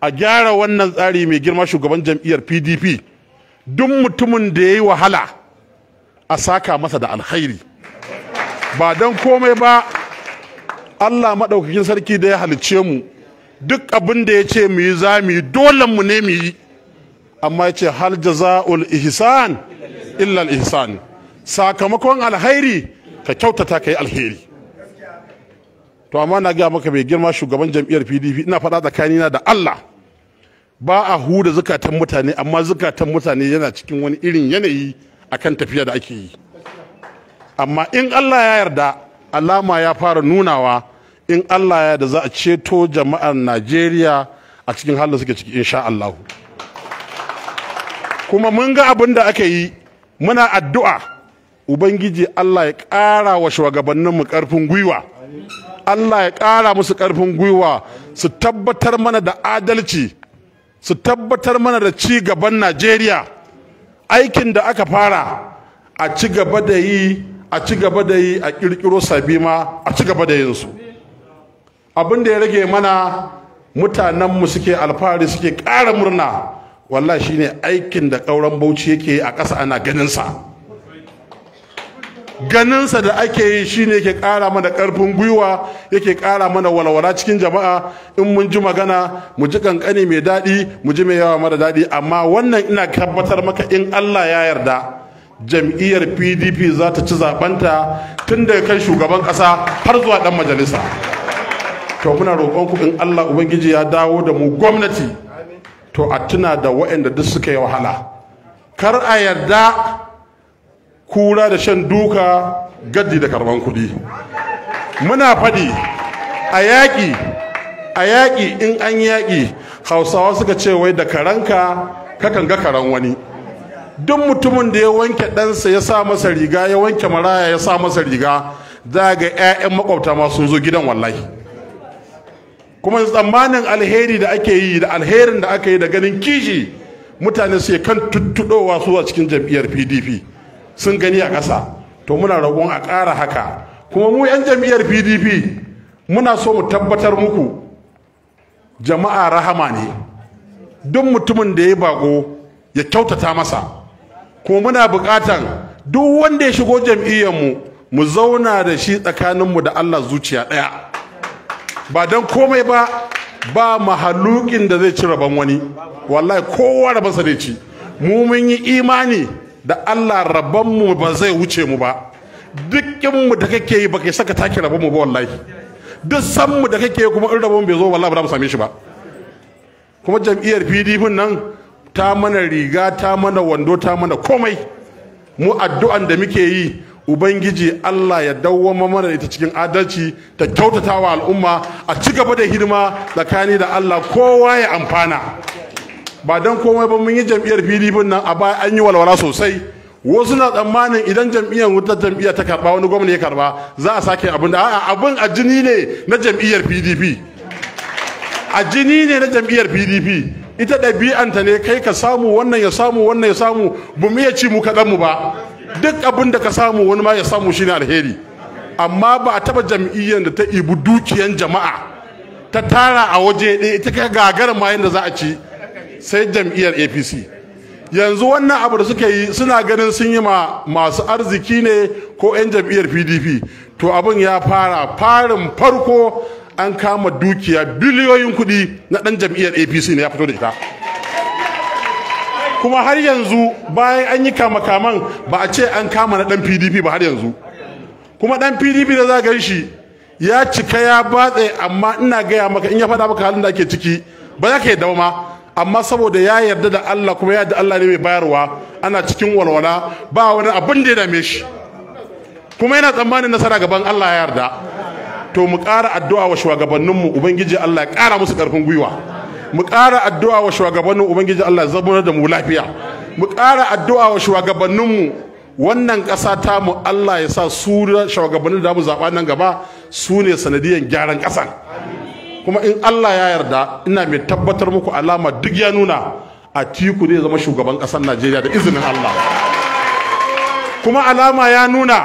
a gyara wannan tsari mai girma shugaban jam'iyyar pdp duk mutumin da ya yi wahala a saka masa da alkhairi ba don komai ba allah maɗaukakin sarki da ya halicce mu duk abin da ya ce mu yi za mu yi dolen mu ne mu yi amma ya ce hal jaza'ul ihsan illa ihsan sakamakon alhairi ka kyautata ka yi alheri to amma na gaya maka bai girma shugaban jam'iyyar pdp ina faɗa tsakanina da allah ba a huda zukatan mutane amma zukatan mutane yana cikin wani irin yanayi akan tafiya da ake yi amma in Allah ya yarda alama ya fara nunawa in Allah ya yarda za a ceto jama'ar Najeriya a cikin halin suke ciki insha Allah kuma mun ga abin da aka yi muna addu'a ubangiji Allah ya ƙara wa shugabanninmu ƙarfin gwiwa Allah ya ƙara musu ƙarfin gwiwa su tabbatar mana da adalci su tabbatar mana da ci gaban najeriya aikin da aka fara a ci gaba da yi a ci gaba da yi a ƙirƙiro sabi ma a ci gaba da yin su abin da ya rage mana mutanen mu suke alfahari suke ƙara murna wallahi shine aikin da ƙauren bauchi yake a ƙasa ana ganinsa ganinsa da ake yi shine yake kara mana karfin gwiwa yake kara mana walwala cikin jama'a in mun ji magana mu ji kankani mai daɗi mu ji mai yawa mara daɗi amma wannan ina tabbatar maka in Allah ya yarda jam'iyyar PDP za ta ci zaɓenta tun daga kan shugaban ƙasa har zuwa ɗan majalisa to muna roƙon ku in Allah ubangiji ya dawo da mu gwamnati to a tuna da waɗanda duk suka yi wahala kar a yarda kura da shan duka gaddi da karban kuɗi muna faɗi a yaƙi a yaƙi in an yaƙi hausawa suka ce wai da karanka kakan ga karan wani duk mutumin da ya wanke ɗansa ya sa masa riga ya wanke maraya ya sa masa riga za ga 'ya'yan makwabta masu sun zo gidan wallahi kuma tsammanin alheri da ake yi da alherin da aka yi da ganin kishi mutane su kan tuttuɗowa su a cikin jam'iyyar pdp sun gani a ƙasa to muna roƙon a ƙara haka kuma mu 'yan jam'iyyar pdp muna so mu tabbatar muku jama'a rahama ne duk mutumin da ya bako ya kyautata masa kuma muna buƙatan duk wanda ya shigo jam'iyyarmu mu zauna da shi tsakaninmu da allah zuciya ɗaya ba don komai ba ba mahalukin da zai ci rabon wani wallahi kowa da masa ci mu mun yi imani da Allah rabonmu ba zai wuce mu ba mu da kake yi baka saka take rabonmu ba wallahi duk mu da kake yi kuma in rabon bai zo wallahi ba za mu same shi ba kuma jam'iyyar PDP nan ta mana riga ta mana wando ta mana komai mu addu'an da muke yi ubangiji Allah ya dawo mana ita cikin adalci ta kyautatawa al'umma a ci gaba da hidima tsakani da Allah kowa ya amfana ba don komai ba mun yi jam'iyyar pdp nan a baya an yi walwala sosai wasu na tsammanin idan jam'iyyar wutar jam'iyyar ta karba wani gwamna ya karba za a sake abin da a'a abin a jini ne na jam'iyyar pdp a jini ne na jam'iyyar pdp ita ɗabi'anta ne kai ka samu wannan ya samu wannan ya samu ba mu iya ci mu kaɗan mu ba duk abin da ka samu wani ma ya samu shi shine alheri amma ba a taɓa jam'iyyar da ta ibi dukiyan jama'a ta tara a waje ɗaya ita ka gagara ma yadda za a ci sai jam'iyyar apc yanzu wannan abu da suka yi suna ganin sun yi ma masu arziki ne ko 'yan jam'iyyar pdp to abin ya fara farin farko an kama dukiya biliyoyin kuɗi na ɗan jam'iyyar apc ne ya fito da ita kuma har yanzu bayan an yi kama-kaman ba a ce an kama na ɗan pdp ba har yanzu kuma ɗan pdp da za gan shi ya cika ya batse amma ina gaya maka in ya faɗa maka halin da ake ciki ba za ka yi dauma amma saboda ya yarda da Allah kuma ya yarda Allah ne mai bayarwa ana cikin walwala ba wani abin da ya dame shi kuma yana tsammanin nasara gaban Allah ya yarda to mu ƙara addu'a wa shugabanninmu ubangiji Allah ya ƙara musu ƙarfin gwiwa mu ƙara addu'a wa shugabannin ubangiji Allah ya zabunar da mu lafiya mu ƙara addu'a wa shugabanninmu wannan ƙasa ta mu Allah ya sa su shugabannin da mu zaɓa nan gaba su ne sanadiyan gyaran ƙasan kuma in Allah ya yarda ina mai tabbatar muku alama duk ya nuna a tiku zai zama shugaban ƙasar Najeriya da izinin Allah kuma alama ya nuna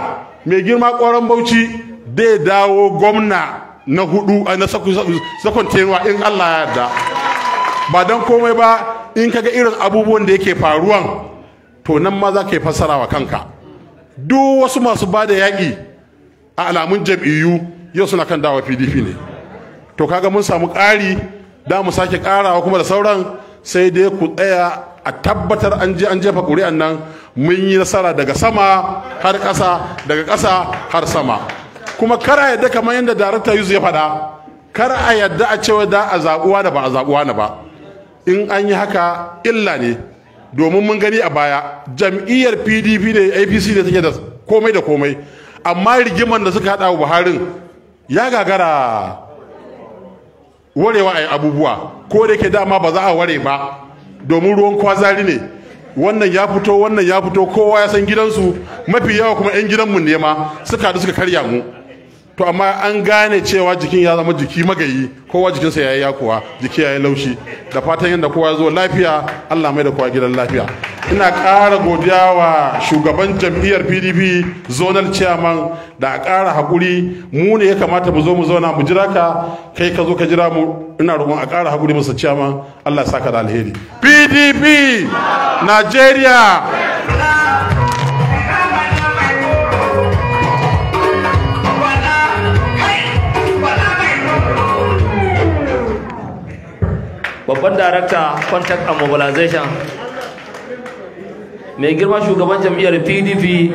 mai girma ƙwaron bauchi zai dawo gwamna na hudu na sakon tenuwa in Allah ya yarda ba don komai ba in kaga irin abubuwan da yake faruwan to nan ma za ka yi fassara wa kanka duk wasu masu ba da yaƙi a alamun jam'iyyu yau suna kan dawa pdp ne to kaga mun samu ƙari da mu sake ƙarawa kuma da sauran sai dai ku tsaya a tabbatar an je an jefa ƙuri'an nan mun yi nasara daga sama har ƙasa daga ƙasa har sama kuma kar a yadda kamar yadda darakta yuzu ya faɗa kar a yadda a cewa da a zaɓuwa da ba a zaɓuwa na ba in an yi haka illa ne domin mun gani a baya jam'iyyar pdp da apc da take da komai da komai amma rigimar da suka haɗa wa buharin ya gagara warewa a yi abubuwa ko da ke dama ba za a ware ba domin ruwan kwazari ne wannan ya fito wannan ya fito kowa ya san gidansu mafi yawa kuma 'yan gidanmu ne ma suka da suka karya mu to amma an gane cewa jikin ya zama jiki magayi kowa jikinsa ya yi yakuwa jiki ya yi laushi da fatan yadda kowa zo lafiya allah mai da kowa gidan lafiya ina kara godiya wa shugaban jam'iyyar pdp zonal chairman da a ƙara haƙuri mu ne ya kamata mu zo mu zauna mu jira ka kai ka zo ka jira mu ina roƙon a kara haƙuri masa chairman allah ya saka da alheri pdp najeriya babban darakta contact and mobilization mai girma shugaban jam'iyyar pdp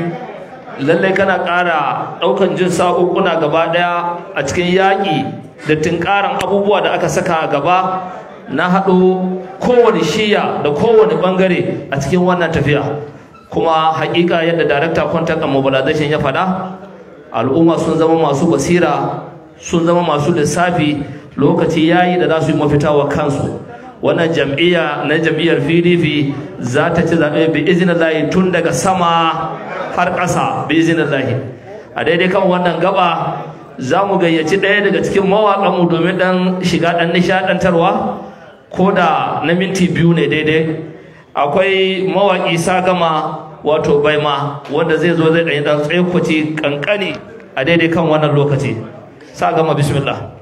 lallai kana ƙara ɗaukan jin sa'ukuna gaba ɗaya a cikin yaƙi da tunƙaran abubuwa da aka saka a gaba na haɗo kowane shiya da kowane ɓangare a cikin wannan tafiya kuma haƙiƙa yadda darakta contact and mobilization ya faɗa al'umma sun zama masu basira sun zama masu lissafi lokaci yayi da za su yi mafita wa kansu wannan jam'iyya na jam'iyyar pdp za ta ci zaɓe bi izinin tun daga sama har ƙasa bi izinin a daidai kan wannan gaba za mu gayyaci ɗaya daga cikin mawaƙanmu domin ɗan shiga ɗan nishaɗantarwa ko da na minti biyu ne daidai akwai mawaƙi sa-gama wato baima wanda zai zo zai ɗanyi ɗan tsaikoci ƙanƙani a daidai kan wannan lokaci gama, bismillah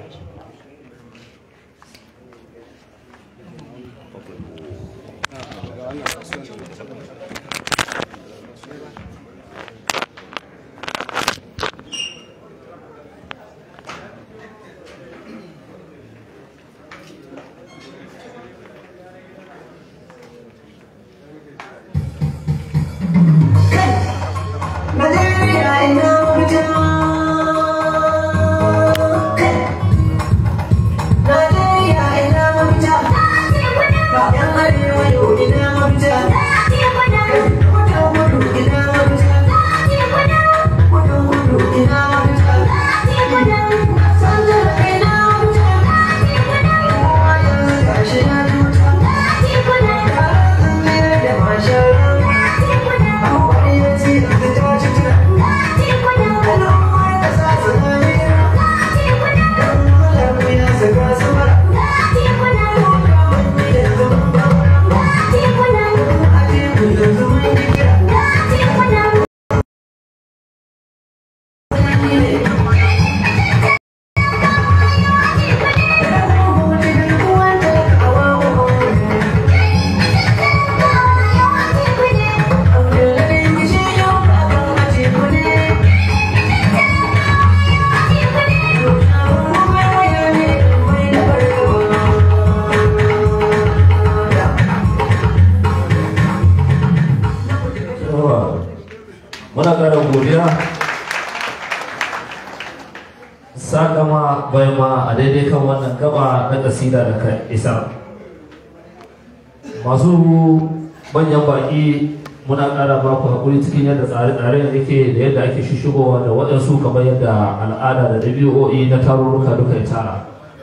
bidiyo'i na tarurruka duka ya tara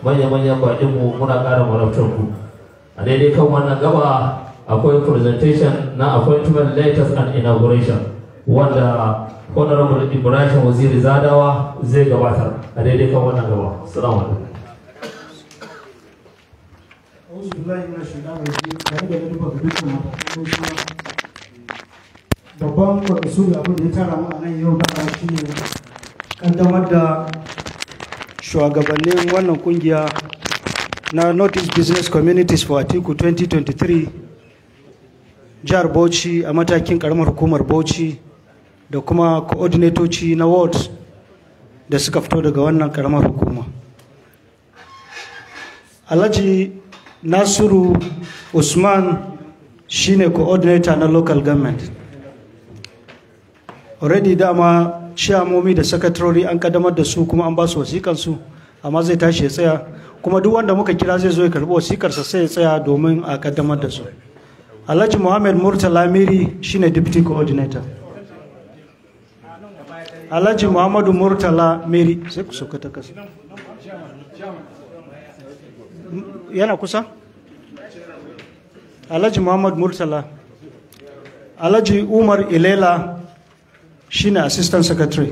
manya-manyan baƙinmu muna ƙara marabtar ku a daidai kan wannan gaba akwai presentation na appointment letters and inauguration wanda honorable ibrahim waziri zadawa zai gabatar a daidai kan wannan gaba salamu alaikum babban بالله da nufa babban abin da ya tara mu a nan yau da shi ne kaddamar da shugabannin wannan kungiya na northeast business communities for atiku 2023 jihar bauchi a matakin karamar hukumar bauchi da kuma koodinatoci na wards da suka fito daga wannan karamar hukuma alhaji nasiru usman shine coordinator na local government already dama shamomi da sakatarori an kaddamar da su kuma an ba su wasikansu amma zai tashi ya tsaya kuma duk wanda muka kira zai zo ya karbi wasikarsa sai ya tsaya domin a kaddamar da su alhaji muhammad murtala shi shine deputy coordinator alhaji muhammadu murtala lamiri sai ku sauka ta kasa yana kusa alhaji muhammad murtala alhaji umar ilela shine assistant secretary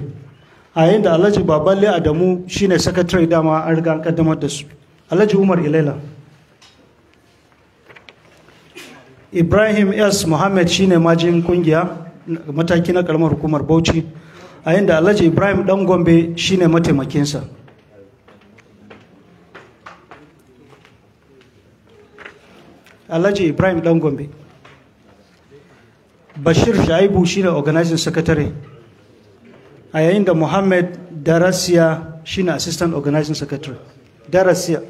a yayin da alhaji baballe adamu shine secretary dama an riga an kaddamar da su alhaji umar ilaila ibrahim s muhammad shine majin kungiya mataki na karamar hukumar bauchi a yayin da alhaji ibrahim dan gombe shine mataimakinsa alhaji ibrahim dan gombe bashir shaibu shine organizing secretary a yayin da muhammad darasiya shine assistant organizing secretary darasiya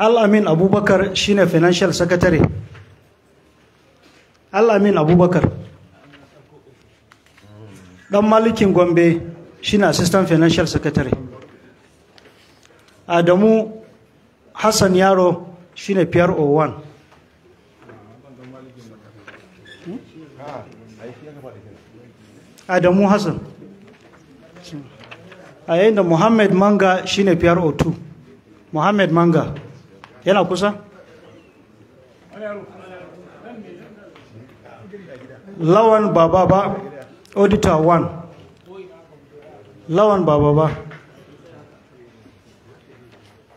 al'amin abubakar shine financial secretary al'amin abubakar dan malikin gombe shine assistant financial secretary adamu hassan yaro shine pro 1 adamu hassan a yayin da muhammad manga shine pro2 muhammad manga yana kusa lawan bababa auditor 1 lawan bababa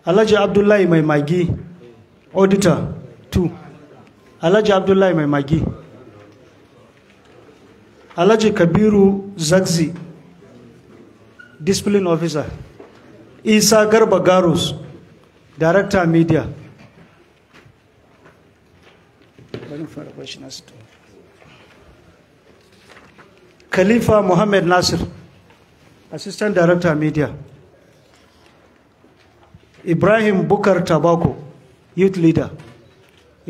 alhaji abdullahi mai magi auditor 2 alhaji abdullahi mai magi alhaji kabiru zagzi discipline officer isa garba garus director media khalifa Mohammed nasir assistant director media ibrahim bukar tabako youth leader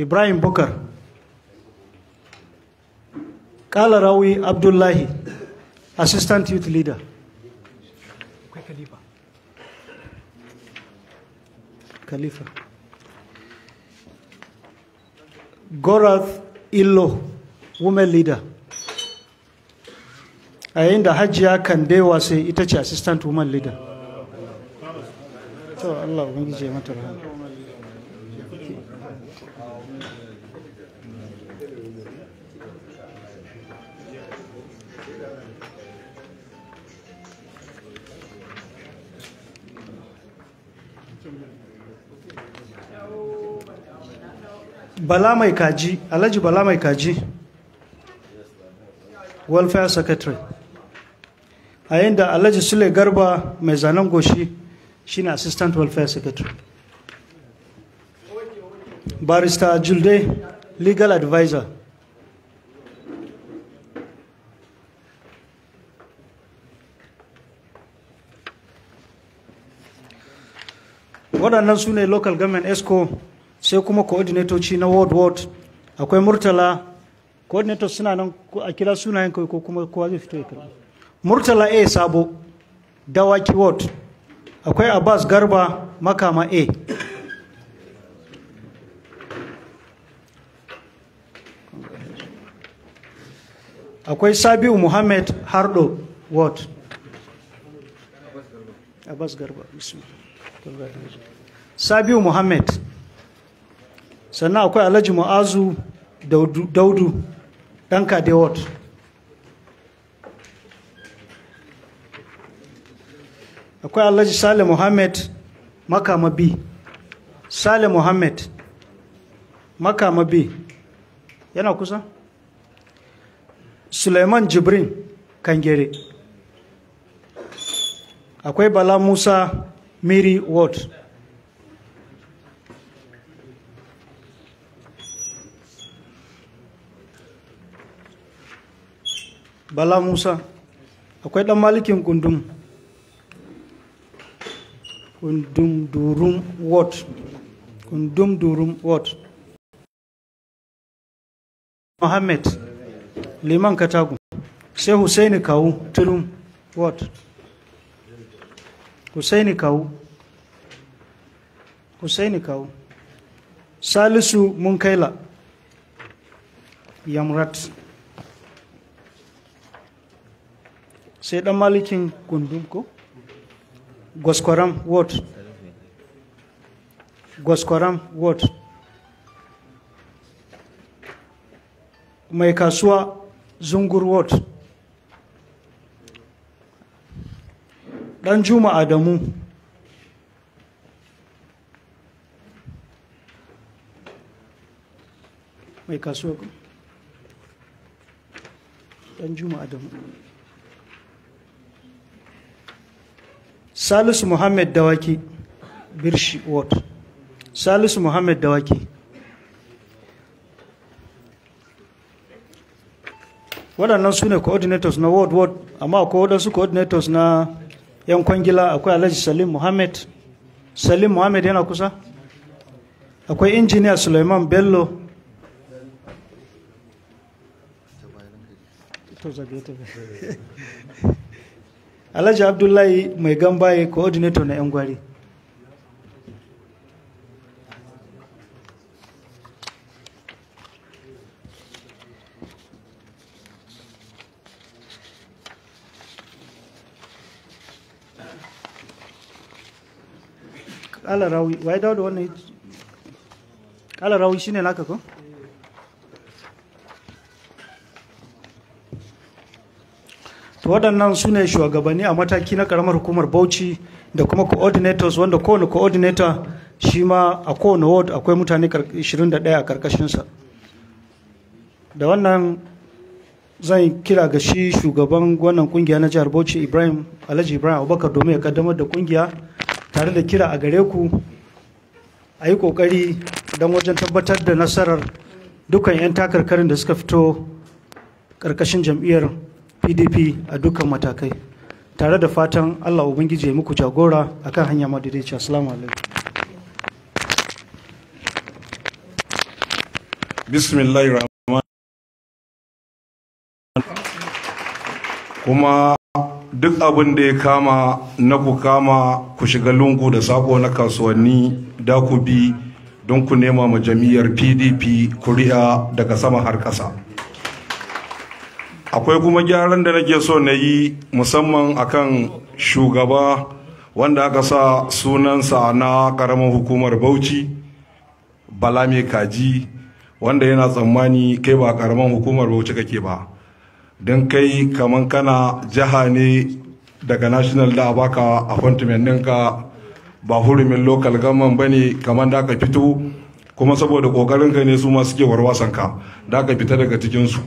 ibrahim bukar Kala Rawi Abdullahi, Assistant Youth Leader. Khalifa. Gorath Illo, woman Leader. A yayin da Hajiya Kandewa sai ita ce Assistant woman Leader. To Allah Ubangiji ya mata rahama. bala mai kaji alhaji bala mai kaji welfare secretary a yadda alhaji sule garba mai zanen goshi shine assistant welfare secretary barista julde legal advisor waɗannan su ne local government esco sai kuma coordinatoci na world world akwai murtala coordinator suna nan a kira sunayen kai ko kuma kowa zai fito ya murtala a sabo dawaki world akwai abbas garba makama a akwai sabiu muhammad hardo world abbas garba sabiu muhammad sannan akwai alhaji mu'azu daudu ɗan kadewot akwai alhaji sale muhammad makama b sale muhammad makama b yana kusa suleiman jibrin kangere akwai bala musa miri ward bala musa akwai dan malikin kundum kundum durum ward kundum durum ward Mohammed Liman Katagu sai Husaini Kawu Tulum what Husaini Kawu Husaini Kawu Salisu Munkaila Yamrat sai dan malikin gundum ko gwaskwaram ward gwaskwaram ward mai kasuwa zungur ward dan juma adamu mai kasuwa dan juma adamu salisu muhammad dawaki birshi ward salisu muhammad dawaki waɗannan su ne coordinators na world world amma akwai waɗansu coordinators na yan kwangila akwai alhaji salim muhammad salim muhammad yana kusa akwai injiniya suleiman bello alhaji abdullahi mai gambaye coordinator na yan gwari Kala rawi wai dawo da wannan kala rawi shine naka ko? to waɗannan su ne shugabanni a mataki na ƙaramar hukumar bauchi da kuma coordinators wanda kowane coordinator shi ma a kowane ward akwai mutane 21 a ƙarƙashinsa da wannan zan kira ga shi shugaban wannan kungiya na jihar bauchi ibrahim alhaji ibrahim abubakar domin ya kaddamar da kungiya tare da kira a gare ku a yi kokari don wajen tabbatar da nasarar dukkan 'yan takarkarin da suka fito ƙarƙashin jam'iyyar pdp a dukkan matakai tare da fatan allah ubangiji ya muku jagora a kan hanya madaidaici assalamu alaikum kuma duk abin da ya kama na ku kama ku shiga lungu da sako na kasuwanni da ku bi don ku nema ma jam'iyyar pdp kuri'a daga sama har kasa akwai kuma gyaran da nake so na yi musamman akan shugaba wanda aka sa sunansa na karamar hukumar bauchi bala mai kaji wanda yana tsammani kai ba karamin hukumar bauchi kake ba don kai kaman kana jiha ne daga national da baka appointment ɗinka ba hurumin local government ne kamar da aka fito kuma saboda ƙoƙarinka ne su ma suke warwasanka da aka fita daga cikinsu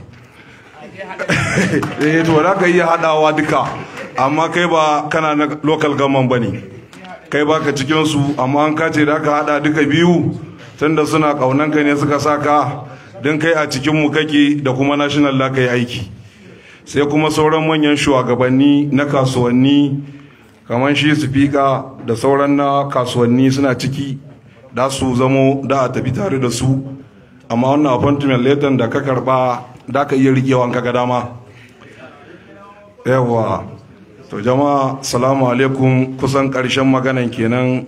eh to da ka iya haɗawa duka amma kai ba kana na local government bane kai ba ka cikin amma an kace da ka haɗa duka biyu tunda suna kaunan ka ne suka saka don kai a cikin mu kake da kuma national la kai aiki sai kuma sauran manyan shugabanni na kasuwanni kamar shi da sauran na kasuwanni suna ciki da su zamo da a tafi tare da su amma wannan appointment letter da ka karba da ka iya rikewa ka ga dama yawa to jama'a salamu alaikum kusan karshen maganan kenan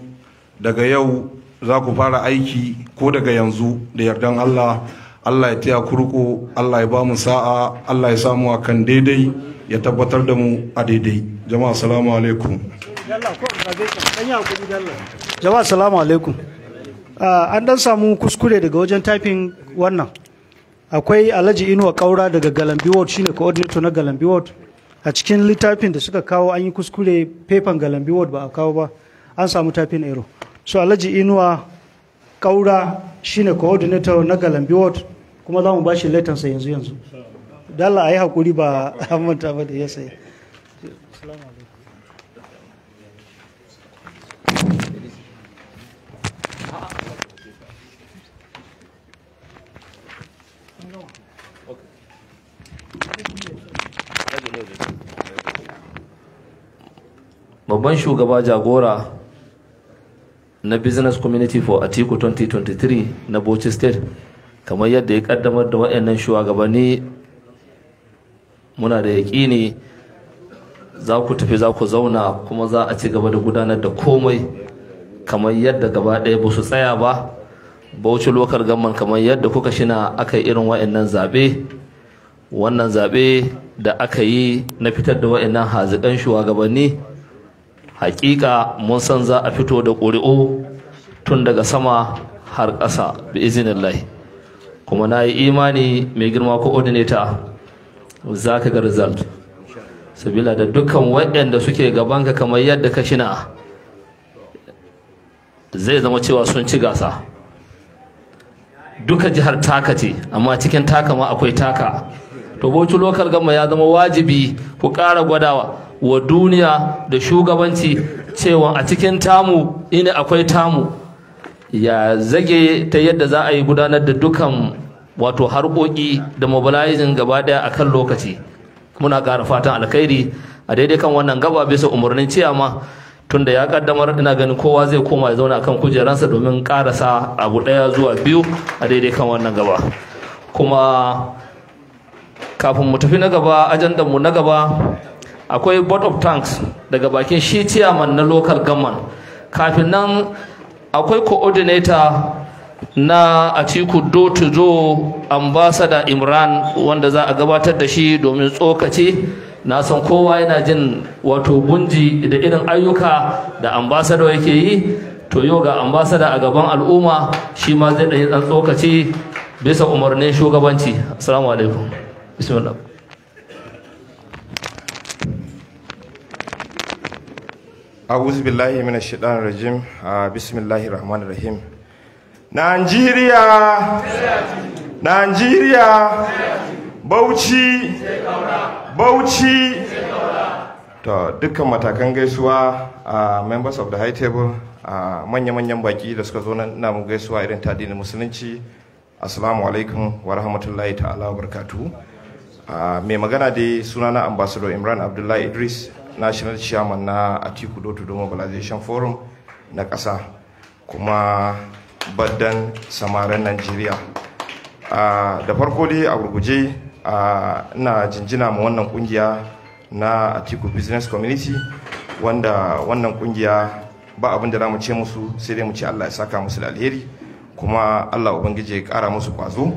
daga yau za ku fara aiki ko daga yanzu da yardan Allah Allah ya taya kurko Allah ya ba mu sa'a Allah ya samu a kan daidai ya tabbatar da mu a daidai jama'a salamu alaikum jama'a salamu alaikum ah, an dan samu kuskure daga wajen taifin wannan akwai alhaji inuwa kaura daga galambi ward shine coordinator na galambi ward a cikin littafin da suka kawo an yi kuskure fefan galambi ward ba a kawo ba an samu tafin ero so alhaji inuwa kaura shine coordinator na galambi ward kuma za mu ba shi letansa yanzu yanzu dala a yi hakuri ba a manta ba da ya sai babban shugaba jagora na business community for atiku 2023 na bauchi state kamar yadda ya kaddamar da waɗannan shugabanni muna da yaƙini za ku tafi za ku zauna kuma za a ci gaba da gudanar da komai kamar yadda gaba ɗaya ba su tsaya ba bauchi lokal gamman kamar yadda kuka shina aka yi irin waɗannan zaɓe wannan zaɓe da aka yi na fitar da waɗannan haziƙan shugabanni hakika mun san za a fito da ƙuri'u tun daga sama har ƙasa bi lai kuma na yi imani mai girma ko coordinator za ka ga result sabila da dukkan waɗanda suke gabanka kamar yadda ka shina zai zama cewa sun ci gasa duka jihar taka ce amma cikin taka ma akwai taka to bauchi lokal gama ya zama wajibi ku ƙara gwadawa wa duniya da shugabanci cewa a cikin tamu ina akwai tamu ya zage ta yadda za a yi gudanar da dukan wato harkoki da mobilizing gaba daya akan lokaci muna ƙara fatan alkhairi a daidai kan wannan gaba bisa umarnin ciyama tunda ya kaddamar ina ganin kowa zai koma ya zauna kan kujeransa domin karasa abu daya zuwa biyu a daidai kan wannan gaba kuma kafin mu tafi na gaba ajandanmu na gaba akwai board of tanks daga bakin shi chairman na local government kafin nan akwai coordinator na Atiku do to do ambassador Imran wanda za a gabatar da shi domin tsokaci na san kowa yana jin wato bunji da irin ayyuka da ambassador yake yi to yau ga ambassador a gaban al'umma shi ma zai ɗaya tsokaci bisa umarnin shugabanci assalamu alaikum bismillah a'udhu billahi minash shaitanir rajim ah, bismillahir rahmanir rahim Najeriya Najeriya Bauchi Bauchi to dukkan matakan gaisuwa a ah, members of the high table a ah, manya-manyan baki da suka zo na mu gaisuwa irin ta na musulunci assalamu alaikum wa rahmatullahi ta'ala wa barkatu. mai magana dai sunana ambassador Imran Abdullahi Idris national chairman na atiku doto mobilization forum na ƙasa kuma baddan samarin najeriya da farko dai a gurguje ina jinjina ma wannan kungiya na atiku business community wanda wannan kungiya ba abin da za mu ce musu sai dai mu ce allah ya saka musu da alheri kuma allah ubangiji ya kara musu kwazo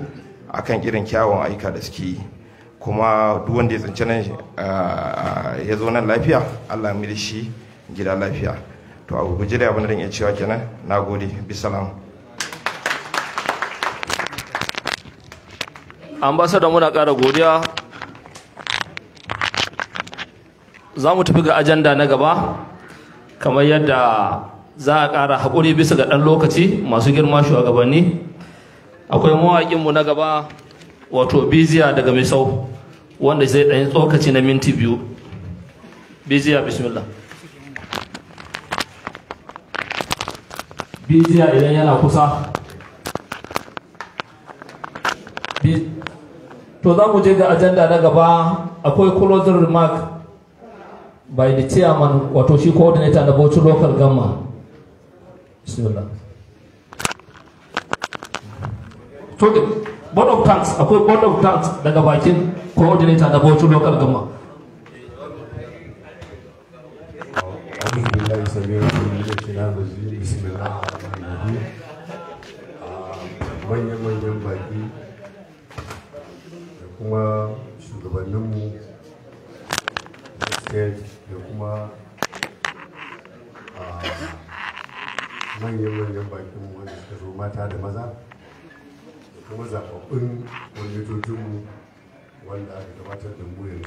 akan irin kyawawan ayyuka da suke yi kuma duk wanda ya tsinci nan ya zo nan lafiya allah mili shi gida lafiya to abu guji da abin da ya cewa kenan na gode bisalam ambasada muna ƙara godiya za mu tafi ga ajanda na gaba kamar yadda za a ƙara haƙuri bisa ga ɗan lokaci masu girma shugabanni akwai mawaƙinmu na gaba wato biziya daga misau wanda zai ɗanyi tsokaci na minti biyu bijiya bismillah bijiya idan yana kusa to za mu je ga ajanda na gaba akwai closing remark by the chairman wato shi coordinator na bauchi local gamma bismillah board of tax akwai board of tax daga bakin coordinator da bauchi local gama ah, manyan-manyan baki da kuma shugabanninmu na state da kuma ah, manyan-manyan bakinmu wanda suka zo mata da maza kuma zaɓaɓɓun mu wanda aka gabatar da mu yanzu